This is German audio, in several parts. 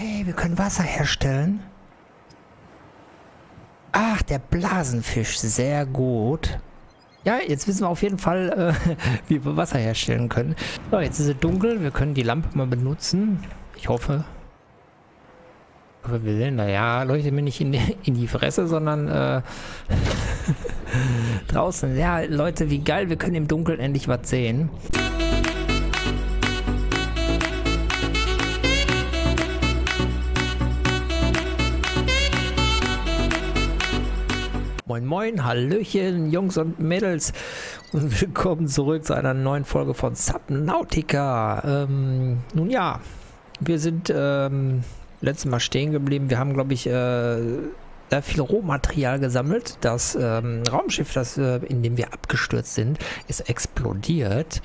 Ey, wir können Wasser herstellen. Ach, der Blasenfisch. Sehr gut. Ja, jetzt wissen wir auf jeden Fall, äh, wie wir Wasser herstellen können. So, jetzt ist es dunkel. Wir können die Lampe mal benutzen. Ich hoffe. Aber wir sehen, naja, leuchtet mir nicht in die, in die Fresse, sondern äh, draußen. Ja, Leute, wie geil. Wir können im Dunkeln endlich was sehen. Moin Moin, Hallöchen, Jungs und Mädels und willkommen zurück zu einer neuen Folge von Subnautica. Ähm, nun ja, wir sind ähm, letztes Mal stehen geblieben. Wir haben, glaube ich, äh, sehr viel Rohmaterial gesammelt. Das ähm, Raumschiff, das, äh, in dem wir abgestürzt sind, ist explodiert.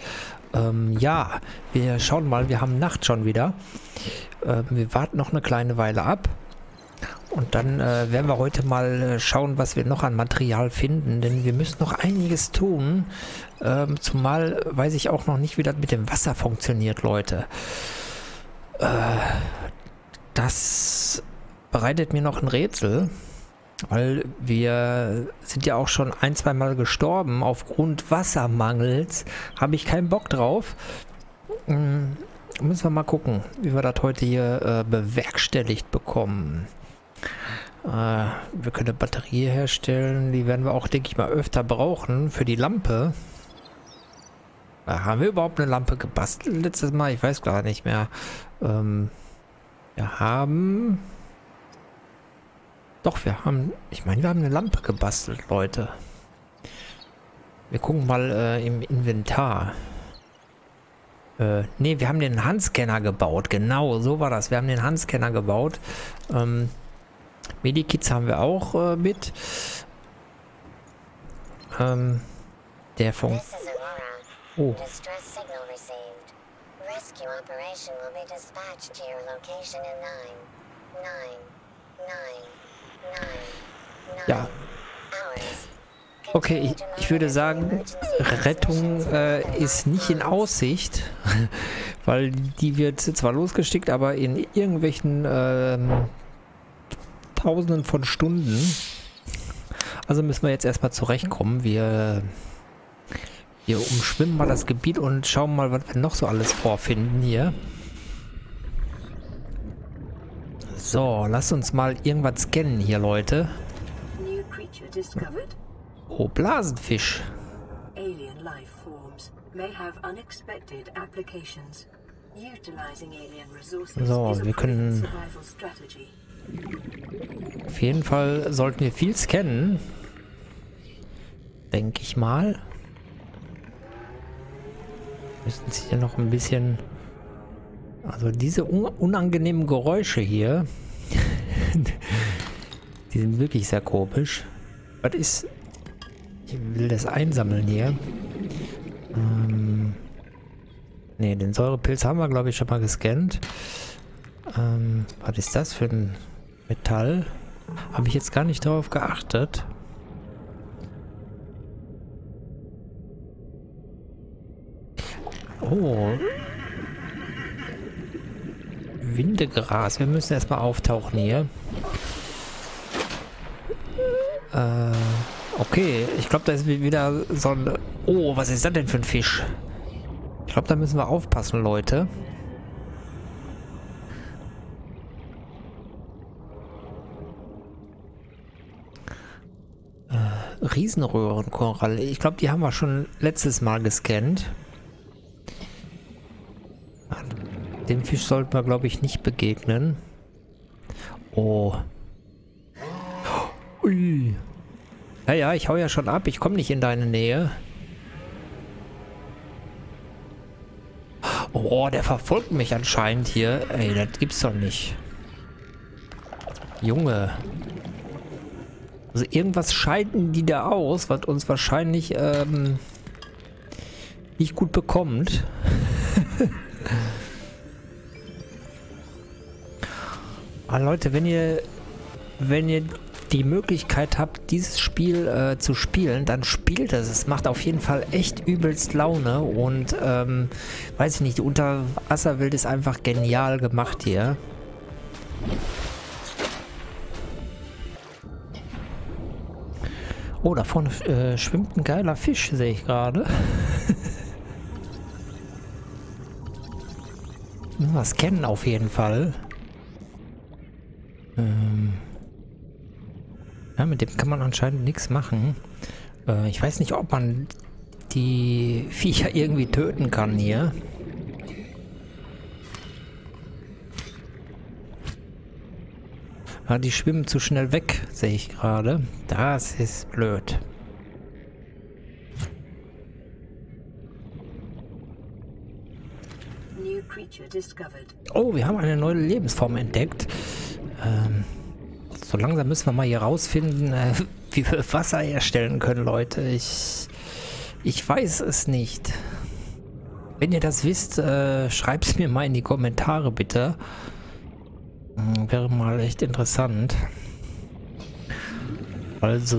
Ähm, ja, wir schauen mal, wir haben Nacht schon wieder. Ähm, wir warten noch eine kleine Weile ab. Und dann äh, werden wir heute mal äh, schauen, was wir noch an Material finden, denn wir müssen noch einiges tun. Ähm, zumal weiß ich auch noch nicht, wie das mit dem Wasser funktioniert, Leute. Äh, das bereitet mir noch ein Rätsel, weil wir sind ja auch schon ein, zwei Mal gestorben. Aufgrund Wassermangels habe ich keinen Bock drauf. Ähm, müssen wir mal gucken, wie wir das heute hier äh, bewerkstelligt bekommen. Äh, wir können eine Batterie herstellen. Die werden wir auch, denke ich mal, öfter brauchen für die Lampe. Äh, haben wir überhaupt eine Lampe gebastelt letztes Mal? Ich weiß gar nicht mehr. Ähm, wir haben... Doch, wir haben... Ich meine, wir haben eine Lampe gebastelt, Leute. Wir gucken mal äh, im Inventar. Äh, ne, wir haben den Handscanner gebaut. Genau, so war das. Wir haben den Handscanner gebaut. Ähm, Medikits haben wir auch äh, mit. Ähm, der Funk. Oh. Ja. Okay, ich, ich, würde sagen, Rettung äh, ist nicht in Aussicht, weil die wird zwar losgeschickt, aber in irgendwelchen ähm, tausenden von Stunden. Also müssen wir jetzt erstmal zurechtkommen. Wir, wir umschwimmen mal das Gebiet und schauen mal, was wir noch so alles vorfinden hier. So, lass uns mal irgendwas scannen hier, Leute. Oh, Blasenfisch. Alien life forms may have unexpected applications. Utilizing alien resources so, wir können auf jeden Fall sollten wir viel scannen. Denke ich mal. Müssen sich hier noch ein bisschen... Also diese unangenehmen Geräusche hier... die sind wirklich sehr komisch. Was ist... Ich will das einsammeln hier. Ähm... Ne, den Säurepilz haben wir, glaube ich, schon mal gescannt. Ähm, was ist das für ein Metall. Habe ich jetzt gar nicht darauf geachtet. Oh. Windegras. Wir müssen erstmal auftauchen hier. Äh, okay. Ich glaube, da ist wieder so ein... Oh, was ist das denn für ein Fisch? Ich glaube, da müssen wir aufpassen, Leute. Leute. Riesenröhrenkoralle. Ich glaube, die haben wir schon letztes Mal gescannt. Dem Fisch sollten wir, glaube ich, nicht begegnen. Oh. Ui. Ja, ja, ich hau ja schon ab. Ich komme nicht in deine Nähe. Oh, der verfolgt mich anscheinend hier. Ey, das gibt's doch nicht. Junge. Also irgendwas scheiden die da aus, was uns wahrscheinlich ähm, nicht gut bekommt. Aber Leute, wenn ihr, wenn ihr die Möglichkeit habt, dieses Spiel äh, zu spielen, dann spielt es. Es macht auf jeden Fall echt übelst Laune und ähm, weiß ich nicht, die Unterwasserwelt ist einfach genial gemacht hier. Oh, da vorne äh, schwimmt ein geiler Fisch, sehe ich gerade. Was kennen auf jeden Fall. Ähm ja, mit dem kann man anscheinend nichts machen. Äh, ich weiß nicht, ob man die Viecher irgendwie töten kann hier. Ah, die schwimmen zu schnell weg, sehe ich gerade. Das ist blöd. Oh, wir haben eine neue Lebensform entdeckt. Ähm, so langsam müssen wir mal hier rausfinden, äh, wie wir Wasser herstellen können, Leute. Ich, ich weiß es nicht. Wenn ihr das wisst, äh, schreibt es mir mal in die Kommentare, bitte. Hm, wäre mal echt interessant. Also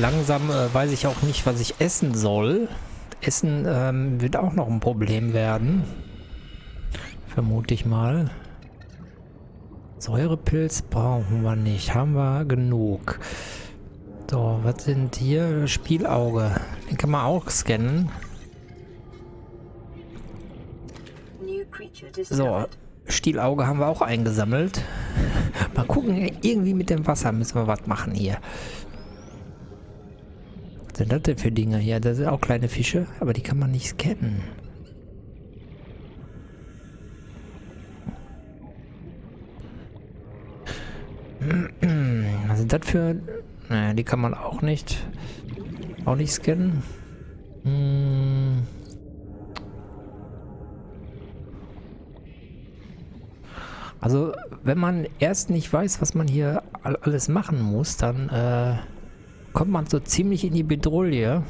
langsam äh, weiß ich auch nicht, was ich essen soll. Essen ähm, wird auch noch ein Problem werden. Vermute ich mal. Säurepilz brauchen wir nicht. Haben wir genug. So, was sind hier? Spielauge. Den kann man auch scannen. So, Stielauge haben wir auch eingesammelt. Mal gucken, irgendwie mit dem Wasser müssen wir was machen hier. Was sind das denn für Dinger hier? Das sind auch kleine Fische, aber die kann man nicht scannen. Was sind das für... Naja, die kann man auch nicht... Auch nicht scannen. Hm. Also, wenn man erst nicht weiß, was man hier alles machen muss, dann äh, kommt man so ziemlich in die Bedrohung.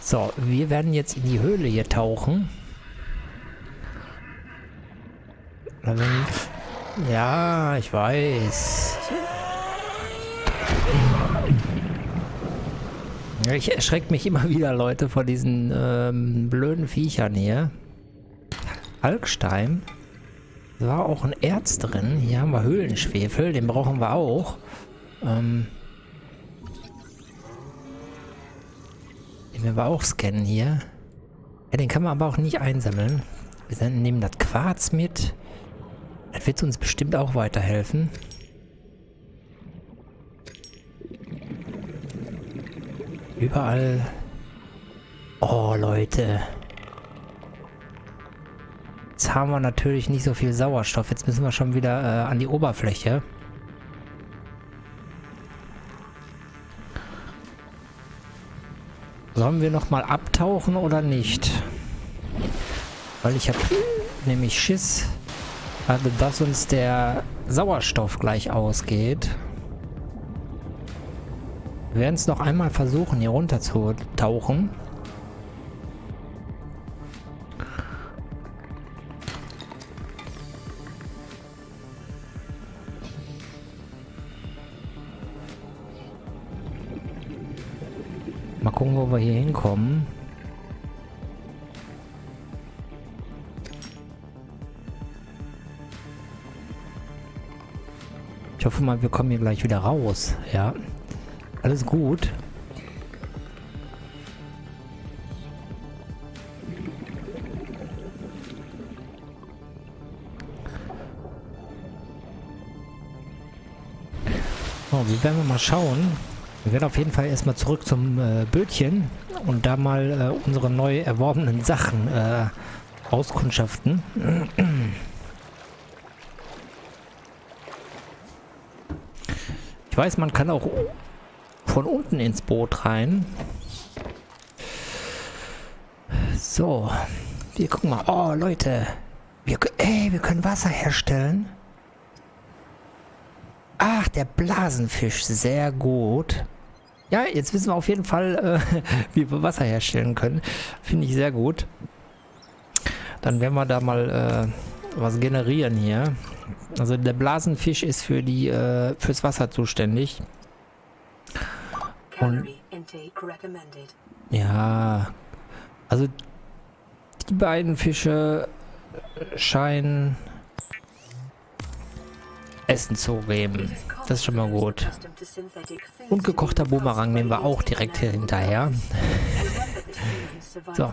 So, wir werden jetzt in die Höhle hier tauchen. Ja, ich weiß. Ich erschrecke mich immer wieder, Leute, vor diesen ähm, blöden Viechern hier. Alkstein. Da war auch ein Erz drin. Hier haben wir Höhlenschwefel, den brauchen wir auch. Ähm, den werden wir auch scannen hier. Ja, den kann man aber auch nicht einsammeln. Wir nehmen das Quarz mit. Das wird uns bestimmt auch weiterhelfen. Überall. Oh, Leute. Jetzt haben wir natürlich nicht so viel Sauerstoff. Jetzt müssen wir schon wieder äh, an die Oberfläche. Sollen wir nochmal abtauchen oder nicht? Weil ich habe nämlich Schiss, also dass uns der Sauerstoff gleich ausgeht. Wir werden es noch einmal versuchen, hier runter zu tauchen. gucken, wo wir hier hinkommen. Ich hoffe mal, wir kommen hier gleich wieder raus. Ja. Alles gut. So, wir werden mal schauen, wir werden auf jeden Fall erstmal zurück zum äh, Bötchen und da mal äh, unsere neu erworbenen Sachen äh, auskundschaften. Ich weiß, man kann auch von unten ins Boot rein. So, wir gucken mal. Oh, Leute. Wir, ey, wir können Wasser herstellen. Ach, der Blasenfisch. Sehr gut. Ja, jetzt wissen wir auf jeden Fall, äh, wie wir Wasser herstellen können. Finde ich sehr gut. Dann werden wir da mal äh, was generieren hier. Also der Blasenfisch ist für die äh, fürs Wasser zuständig. Und ja, also die beiden Fische scheinen Essen zu geben. Das ist schon mal gut. Und gekochter Boomerang nehmen wir auch direkt hier hinterher. so.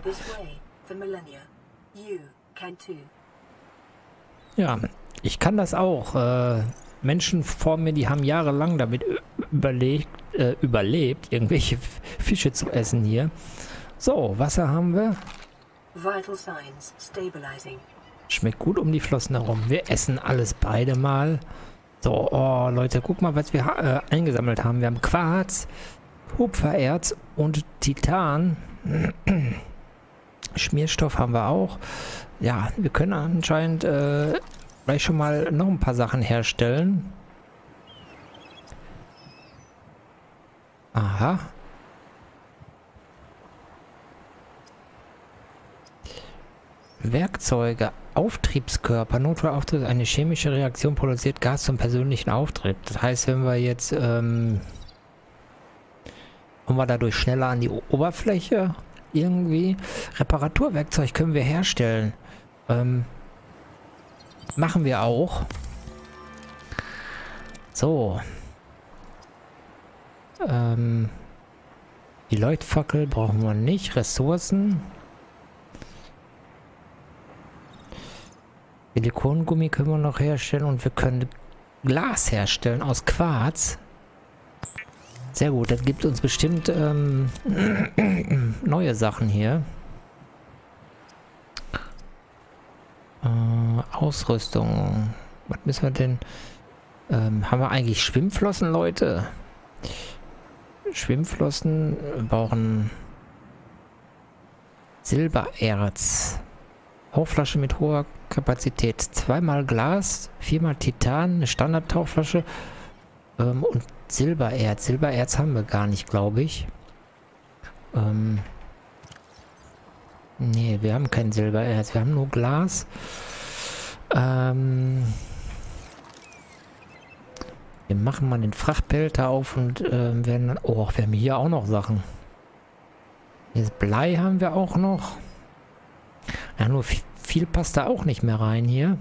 Ja, ich kann das auch. Äh, Menschen vor mir, die haben jahrelang damit überlegt, äh, überlebt, irgendwelche Fische zu essen hier. So, Wasser haben wir. Vital Signs Stabilizing. Schmeckt gut um die Flossen herum. Wir essen alles beide mal. So, oh, Leute, guck mal, was wir äh, eingesammelt haben. Wir haben Quarz, Kupfererz und Titan. Schmierstoff haben wir auch. Ja, wir können anscheinend äh, gleich schon mal noch ein paar Sachen herstellen. Aha. Werkzeuge Auftriebskörper, Notfallauftrieb, eine chemische Reaktion produziert Gas zum persönlichen Auftrieb. Das heißt, wenn wir jetzt, ähm, kommen wir dadurch schneller an die Oberfläche irgendwie. Reparaturwerkzeug können wir herstellen. Ähm, machen wir auch. So. Ähm, die Leuchtfackel brauchen wir nicht. Ressourcen. Silikongummi können wir noch herstellen und wir können Glas herstellen aus Quarz. Sehr gut, das gibt uns bestimmt ähm, neue Sachen hier. Äh, Ausrüstung. Was müssen wir denn... Ähm, haben wir eigentlich Schwimmflossen, Leute? Schwimmflossen brauchen Silbererz. Tauchflasche mit hoher Kapazität. Zweimal Glas, viermal Titan, eine Standard-Tauchflasche ähm, und Silbererz. Silbererz haben wir gar nicht, glaube ich. Ähm, nee, wir haben kein Silbererz. Wir haben nur Glas. Ähm, wir machen mal den Frachtbehälter auf und ähm, werden... Oh, wir haben hier auch noch Sachen. Jetzt Blei haben wir auch noch. Ja, nur viel passt da auch nicht mehr rein hier.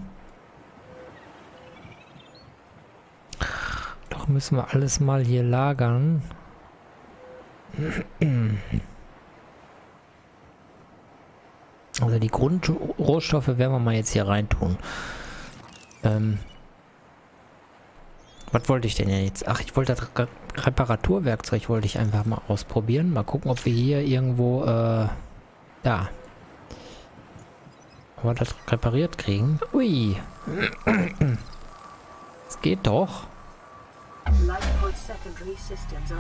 Doch müssen wir alles mal hier lagern. Also die Grundrohstoffe werden wir mal jetzt hier reintun. Ähm, was wollte ich denn jetzt? Ach, ich wollte das Re Reparaturwerkzeug wollte ich einfach mal ausprobieren. Mal gucken, ob wir hier irgendwo... Äh, da. Kann wir das repariert kriegen? Ui. Es geht doch.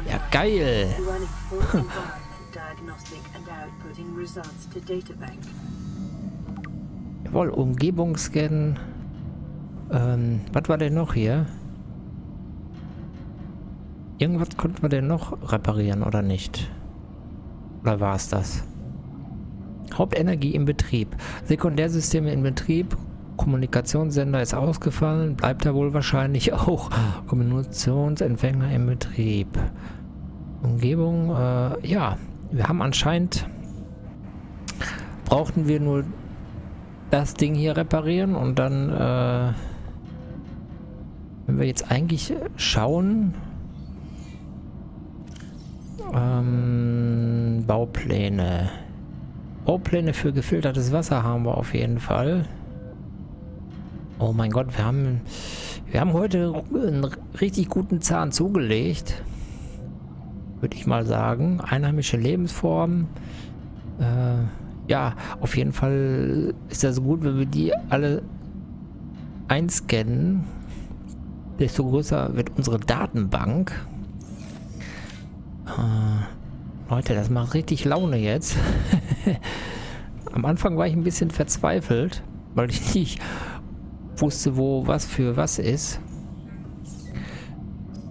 Ja, geil. Jawohl, Umgebungsscan. Ähm, was war denn noch hier? Irgendwas konnten wir denn noch reparieren, oder nicht? Oder war es das? Hauptenergie im Betrieb. Sekundärsysteme in Betrieb. Kommunikationssender ist ausgefallen. Bleibt da wohl wahrscheinlich auch. Kommunikationsempfänger im Betrieb. Umgebung. Äh, ja, wir haben anscheinend... Brauchten wir nur das Ding hier reparieren und dann... Äh, wenn wir jetzt eigentlich schauen... Ähm, Baupläne. Baupläne für gefiltertes Wasser haben wir auf jeden Fall. Oh mein Gott, wir haben, wir haben heute einen richtig guten Zahn zugelegt. Würde ich mal sagen. Einheimische Lebensformen. Äh, ja, auf jeden Fall ist das gut, wenn wir die alle einscannen. Desto größer wird unsere Datenbank. Äh, Leute, das macht richtig Laune jetzt. Am Anfang war ich ein bisschen verzweifelt, weil ich nicht wusste, wo was für was ist.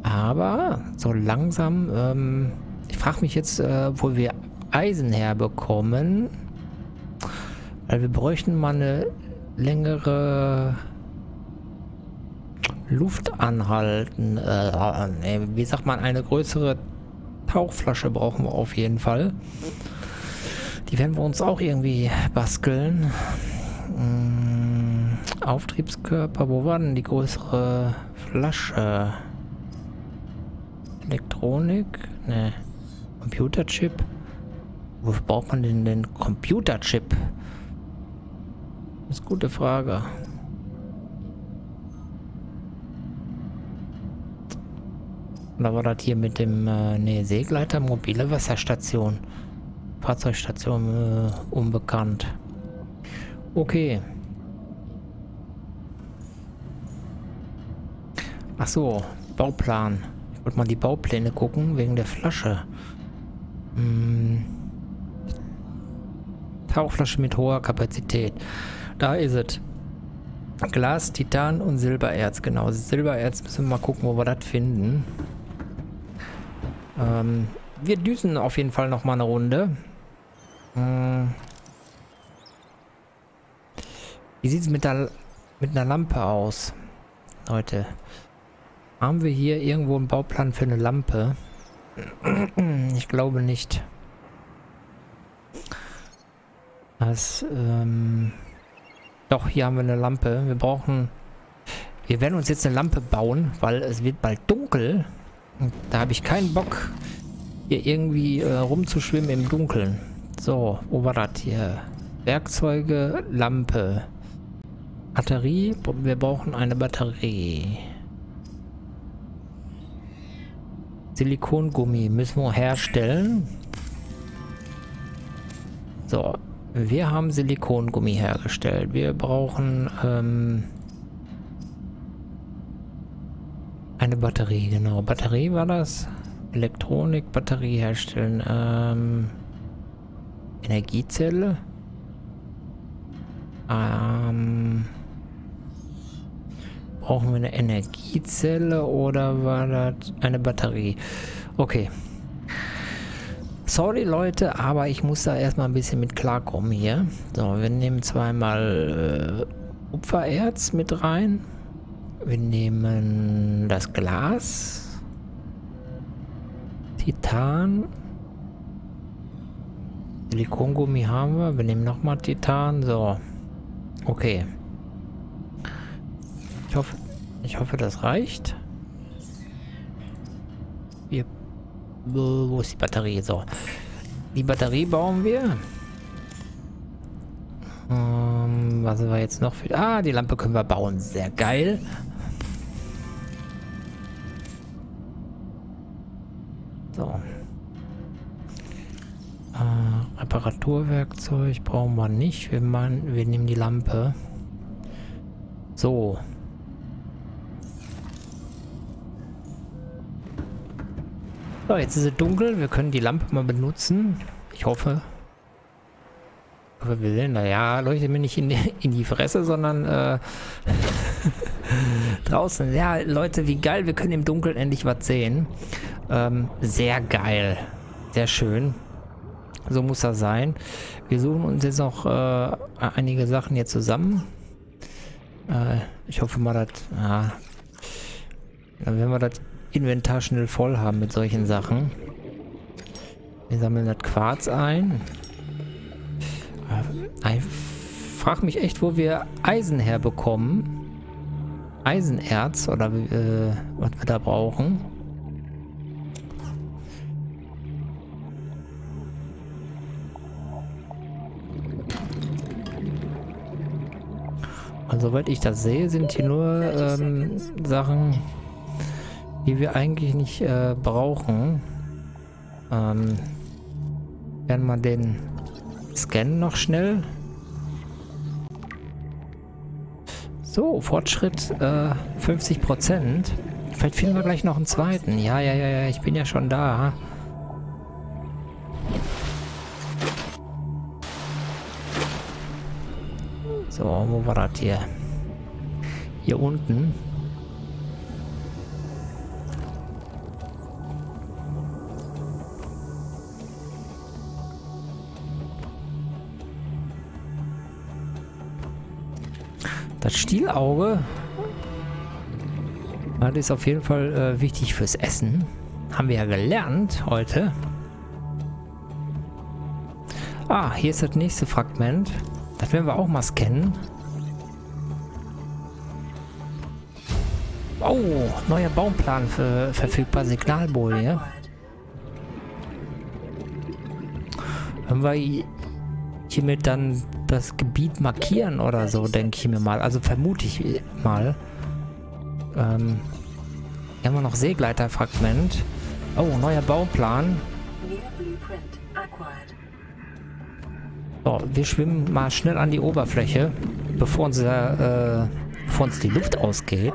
Aber so langsam, ähm, ich frage mich jetzt, äh, wo wir Eisen herbekommen. Weil wir bräuchten mal eine längere Luft anhalten. Äh, wie sagt man, eine größere Tauchflasche brauchen wir auf jeden Fall. Die werden wir uns auch irgendwie basteln. Hm, Auftriebskörper, wo war denn die größere Flasche? Elektronik? Ne. Computerchip? Wofür braucht man denn den Computerchip? Das ist eine gute Frage. Oder war das hier mit dem äh, nee, Seegleiter, mobile Wasserstation? Fahrzeugstation äh, unbekannt. Okay. Ach so, Bauplan. Ich wollte mal die Baupläne gucken, wegen der Flasche. Hm. Tauchflasche mit hoher Kapazität. Da ist es. Glas, Titan und Silbererz. Genau, Silbererz müssen wir mal gucken, wo wir das finden. Ähm, wir düsen auf jeden Fall nochmal eine Runde. Hm. Wie sieht es mit, mit einer Lampe aus? Leute, haben wir hier irgendwo einen Bauplan für eine Lampe? Ich glaube nicht. Das, ähm... Doch, hier haben wir eine Lampe. Wir brauchen... Wir werden uns jetzt eine Lampe bauen, weil es wird bald dunkel da habe ich keinen Bock, hier irgendwie äh, rumzuschwimmen im Dunkeln. So, wo war das hier? Werkzeuge, Lampe. Batterie, wir brauchen eine Batterie. Silikongummi müssen wir herstellen. So, wir haben Silikongummi hergestellt. Wir brauchen ähm, Eine Batterie, genau. Batterie war das. Elektronik, Batterie herstellen. Ähm, Energiezelle. Ähm, brauchen wir eine Energiezelle oder war das eine Batterie? Okay. Sorry Leute, aber ich muss da erstmal ein bisschen mit klarkommen hier. So, wir nehmen zweimal äh, Kupfererz mit rein. Wir nehmen das Glas. Titan. Silikongummi haben wir. Wir nehmen nochmal Titan. So. Okay. Ich hoffe, ich hoffe, das reicht. Wir, wo ist die Batterie? So. Die Batterie bauen wir. Ähm, was haben wir jetzt noch für... Ah, die Lampe können wir bauen. Sehr geil. Reparaturwerkzeug brauchen wir nicht. Wir, machen, wir nehmen die Lampe. So. So, jetzt ist es dunkel. Wir können die Lampe mal benutzen. Ich hoffe. Aber wir sehen, naja, leuchtet mir nicht in die, in die Fresse, sondern äh, draußen. Ja, Leute, wie geil. Wir können im Dunkeln endlich was sehen. Ähm, sehr geil. Sehr schön. So muss das sein. Wir suchen uns jetzt noch äh, einige Sachen hier zusammen. Äh, ich hoffe mal, dass... Ja, werden wir das Inventar schnell voll haben mit solchen Sachen. Wir sammeln das Quarz ein. Äh, ich frage mich echt, wo wir Eisen herbekommen. Eisenerz oder äh, was wir da brauchen. Und also, soweit ich das sehe, sind hier nur ähm, Sachen, die wir eigentlich nicht äh, brauchen. Ähm, werden wir den Scan noch schnell. So, Fortschritt äh, 50%. Vielleicht finden wir gleich noch einen zweiten. Ja, ja, ja, ja, ich bin ja schon da. So, wo war das hier? Hier unten. Das Stielauge, das ist auf jeden Fall äh, wichtig fürs Essen. Haben wir ja gelernt heute. Ah, hier ist das nächste Fragment. Das werden wir auch mal scannen. Oh, neuer Baumplan für, verfügbar. Signalboje. Wenn wir hiermit dann das Gebiet markieren oder so, denke ich mir mal. Also vermute ich mal. Ähm, haben wir noch Seegleiterfragment. Oh, neuer Bauplan. So, wir schwimmen mal schnell an die Oberfläche, bevor, unser, äh, bevor uns die Luft ausgeht.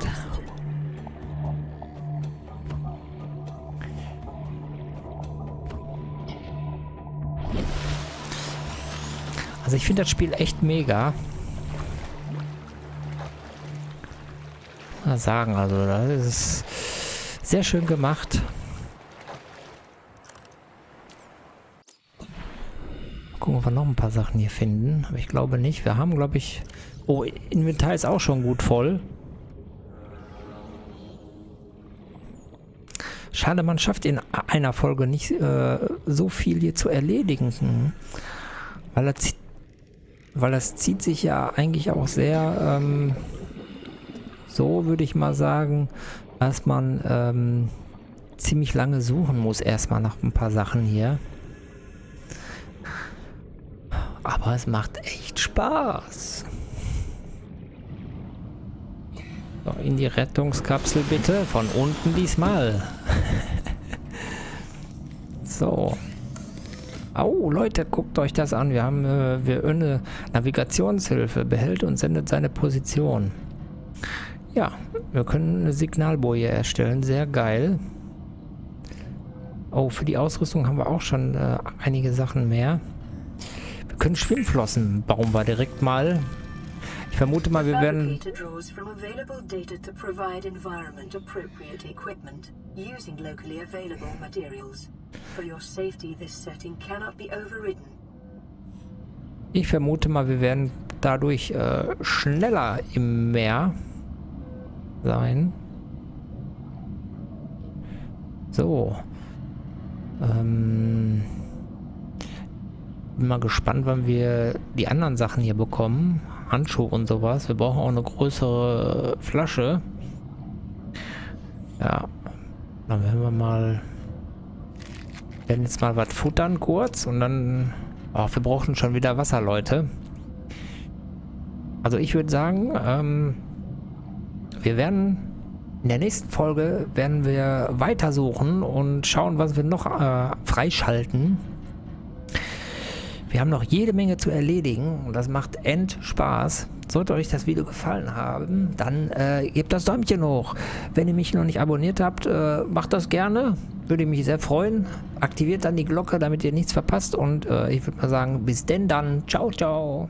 Also ich finde das Spiel echt mega. Mal sagen, also das ist sehr schön gemacht. ob wir noch ein paar Sachen hier finden. Aber ich glaube nicht. Wir haben, glaube ich... Oh, Inventar ist auch schon gut voll. Schade, man schafft in einer Folge nicht äh, so viel hier zu erledigen. Hm. Weil, das, weil das zieht sich ja eigentlich auch sehr... Ähm, so würde ich mal sagen, dass man ähm, ziemlich lange suchen muss erstmal nach ein paar Sachen hier. Aber es macht echt Spaß. So, in die Rettungskapsel bitte. Von unten diesmal. so. Oh, Leute, guckt euch das an. Wir haben äh, wir eine Navigationshilfe. Behält und sendet seine Position. Ja, wir können eine Signalboje erstellen. Sehr geil. Oh, für die Ausrüstung haben wir auch schon äh, einige Sachen mehr können Schwimmflossen bauen wir direkt mal. Ich vermute mal, wir werden... Ich vermute mal, wir werden dadurch äh, schneller im Meer sein. So. Ähm bin mal gespannt, wann wir die anderen Sachen hier bekommen. Handschuhe und sowas. Wir brauchen auch eine größere Flasche. Ja. Dann werden wir mal... Wir werden jetzt mal was futtern kurz und dann... Oh, wir brauchen schon wieder Wasser, Leute. Also ich würde sagen, ähm, wir werden in der nächsten Folge werden wir weitersuchen und schauen, was wir noch äh, freischalten. Wir haben noch jede Menge zu erledigen. und Das macht end Spaß. Sollte euch das Video gefallen haben, dann äh, gebt das Däumchen hoch. Wenn ihr mich noch nicht abonniert habt, äh, macht das gerne. Würde mich sehr freuen. Aktiviert dann die Glocke, damit ihr nichts verpasst. Und äh, ich würde mal sagen, bis denn dann. Ciao, ciao.